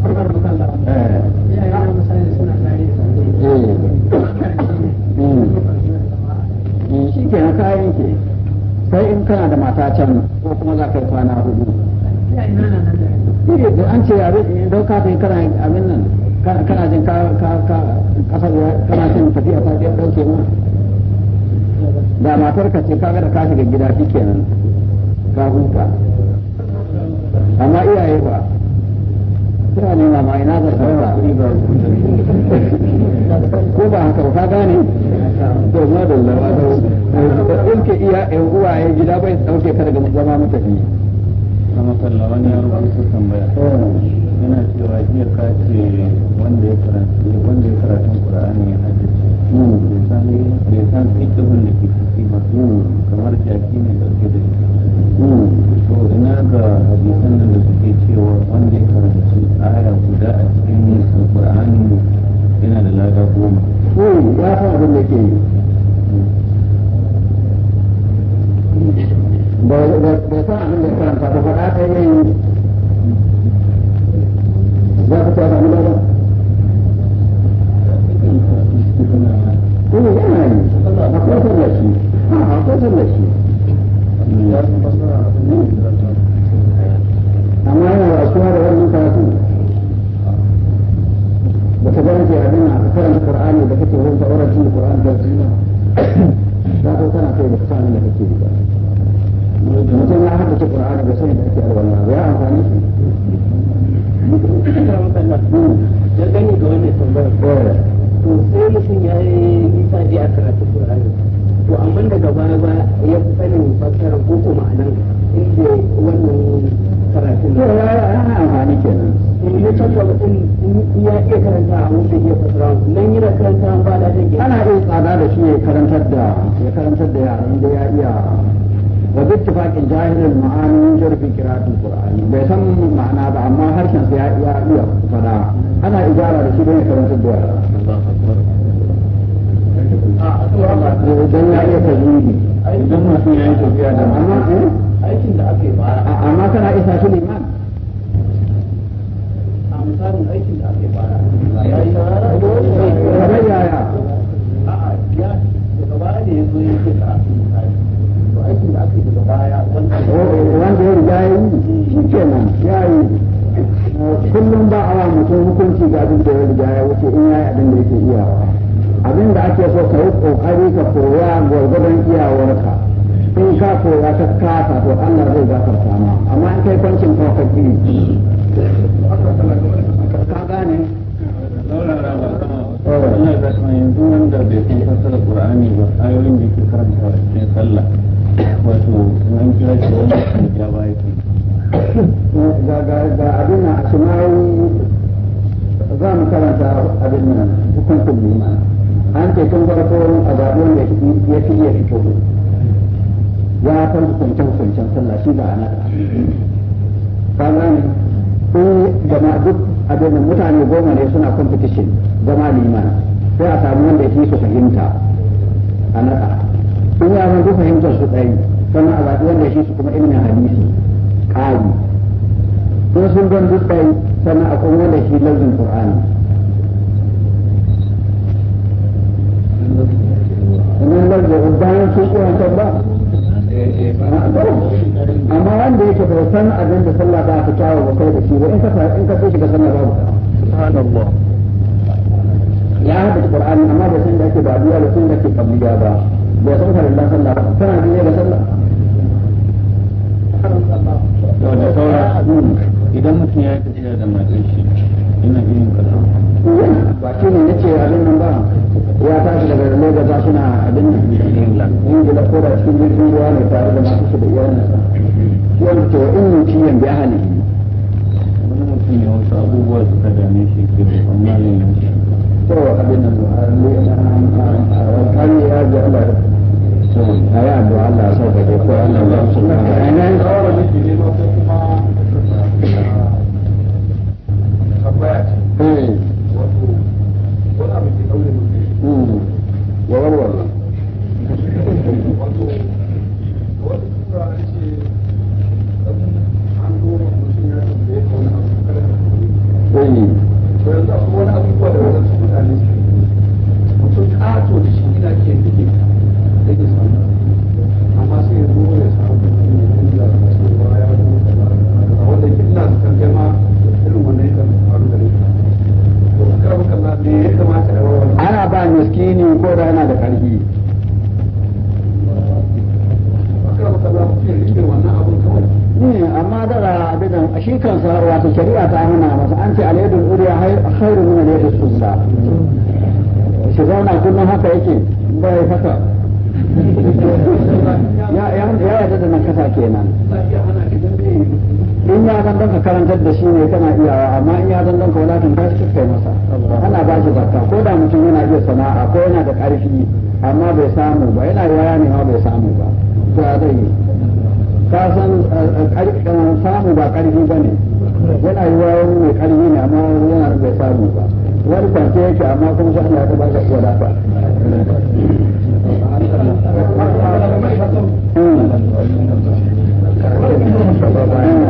Eh. Eh. Eh. shi ke na kayan ke sai in kana da mata can ko kuma za ka yi kwana hudu da an ce yare kana nan kana jin ka kasar kana jin tafiya ta dauke ma da matar ka ce kaga da ka shiga gida shi kenan ka huta amma iyaye ba suna nema ma ina zan sauka ko ba haka ba ka gane to ma da lawa da ke iya yan uwa ya gida bai dauke ka daga zama mutafi kama kalla wani ya rubuta tambaya yana cewa jiya ka ce wanda ya karatu wanda ya karatu qur'ani ya haddace hmm. bai san bai san da ke ciki ba hmm. kamar jaki ne dauke da shi hmm. to ina ga hadisan nan da suke cewa wanda ya karanci aya guda a cikin alqur'ani yana da lada goma ko ya san abin da yake ba ba abin da karanta ba ta yi ta ko yana yi amma yana rasuwa da wannan karatun ba ta gane ke abin a karanta qur'ani da kake wurin ta'aurar cin qur'ani da jina da ko kana kai da kasan da kake yi ba mutum ya haddace qur'ani da sani da ake alwala ba ya amfani shi ya gani ga wannan tambayar to sai mutum ya yi nisa a karatun qur'ani to amma daga baya ba ya sanin fassara ko ko ma'anan inda wannan karatun da ya ana amfani kenan eh, in ya canza mutum ya iya karanta a wanda ya fassara nan da karanta ba da take ana iya tsada da shi ya karantar da ya karantar da yaran da ya iya wa bittifaqin jahilin ma'anin jarfi kiratun qur'ani bai san ma'ana ba amma harshen sa ya iya fada ana ijara da shi don ya karantar da yara idan ya iya tajiri idan mutum ya yi tafiya da eh? aikin da aka yi baya amma kana isa shi ne man a misalin aikin da aka yi ya yi ko a'a ya daga baya ne ya zo ya ce ka to aikin da aka yi daga baya wanda ya riga ya yi shi nan. ya yi kullum ba a wa mutum hukunci ga abin da ya riga ya wuce in ya yi abin da yake iyawa abin da ake so ka yi kokari ka koya gwargwadon iyawarka in ka koya ka kasa to Allah zai baka ma amma in kai kwancin ka ka ka gane yanzu wanda bai fassara Qur'ani ba ayoyin da yake karanta a cikin sallah wato nan kira shi wanda bai ga ga ga abin a shimayi za mu karanta abin nan hukuncin limana an ce tun farko a zaɓi wanda ya fi iya fito ya san hukuncen hukuncen sallah shi da ana ba ne ko jama'a duk abinin mutane goma ne suna competition zama liman sai a samu wanda ya fi su fahimta a naka in ya zan fahimtar su ɗaya sannan a zaɓi wanda ya fi su kuma ilimin hadisi ƙari in sun don duk ɗaya sannan a kuma wanda shi lafzin qur'ani in lalle bayan ba amma wanda yake bai san abin da sallah ba ta kyawu ba kai da shi ba in ka in ka shi sallah ba ya haɗa qur'ani amma bai san da ba biya da sun da ke kabliya ba bai san ka da sallah ba kana da sallah da saura idan mutum ya yi da matan shi ina irin kaza ba shi ne yace abin nan ba ya tashi daga Lagos za suna abin nan Ingila ko da cikin jirgin ruwa ne tare da masu su da iyalinsa shi wanda ce wa in yi ciyan bi ahali wani mutum ya wasu abubuwa suka dame shi ke da kwanan cewa abin nan a wani ya ji Allah a yi addu'a Allah ya sauka ko ko Allah ya sauka a yanayin kawai da ke nema ko kuma tambaya ce wa hmm. warwala Wani abubuwa da wadansu mutane yana da ƙarfi amma dara a shi kansa ta shari'a ta hana masa an ce alayyadul uriya khairu min alayyadul sunna shi zauna kullum haka yake bai haka ya ya yarda da kasa kenan in ya zan ka karantar da shi ne kana iyawa amma in ya zan ka wadatar ba shi kai masa ana ba shi zakka ko da mutum yana iya sana'a ko yana da ƙarfi amma bai samu ba yana yaya ne ma bai samu ba to ya zai yi ka san eh, eh, eh, samu ba ƙarfi ba ne yana yi wani mai ƙarfi ne amma yana bai samu ba wani kwance yake amma kuma sai ya ba shi wadata Mm. Hmm.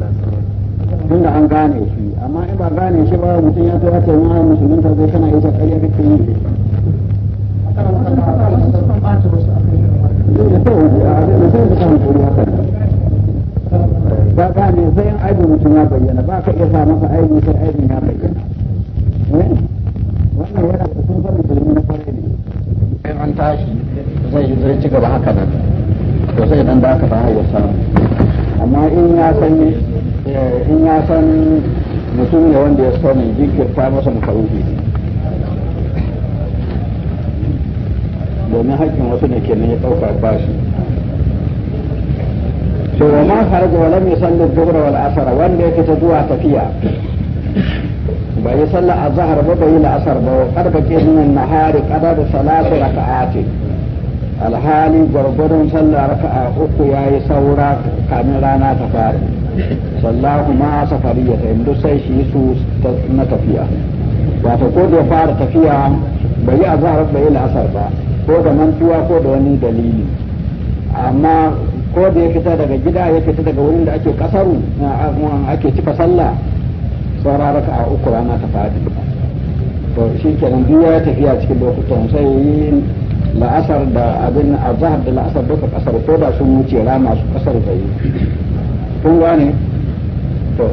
tunda an gane shi amma in ba gane shi ba mutum ya zuwa ce ma musulmin ta zai kana ita ƙarya kake yi ba gane sai aibin mutum ya bayyana ba ka iya sa masa aibin sai aibin ya bayyana san mutum ne wanda ya sani jinkirta masa makaruhi domin hakkin wasu ne kenan ya ɗauka ba shi to wa ma kharaja wa lam yusalli dhuhra wal asr wanda yake ta zuwa tafiya bai ya salla azhar ba bai yi la'asar ba wa qad baqi min an-nahari qadar salatu al alhali gwargwadon sallar raka'a uku yayi saura kamin rana ta fara sallahu ma safariya ta duk sai shi su na tafiya wato ko da fara tafiya bai yi azhar bai yi la'asar ba ko da mantuwa ko da wani dalili amma ko da ya fita daga gida ya fita daga wurin da ake kasaru ake cika sallah saura raka a uku rana ta fadi to shi kenan duk ya tafiya cikin lokutan sai yi la'asar da abin azhar da la'asar duka kasar ko da sun wuce rana su kasar bai kun gane to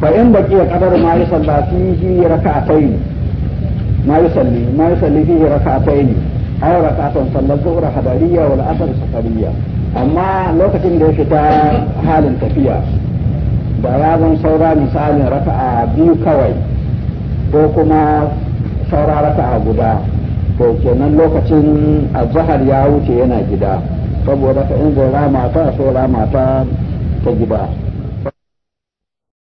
fa in baki ya kadar ma yi salla fihi raka'atayn ma yi salli ma yi salli fihi raka'atayn ay raka'atan sallar zuhra hadariya wal asr safariya amma lokacin da ya fita halin tafiya da ya zan saura misalin raka'a biyu kawai ko kuma saura raka'a guda to kenan lokacin azhar ya wuce yana gida saboda ka in zai rama ta so rama ta Pogba.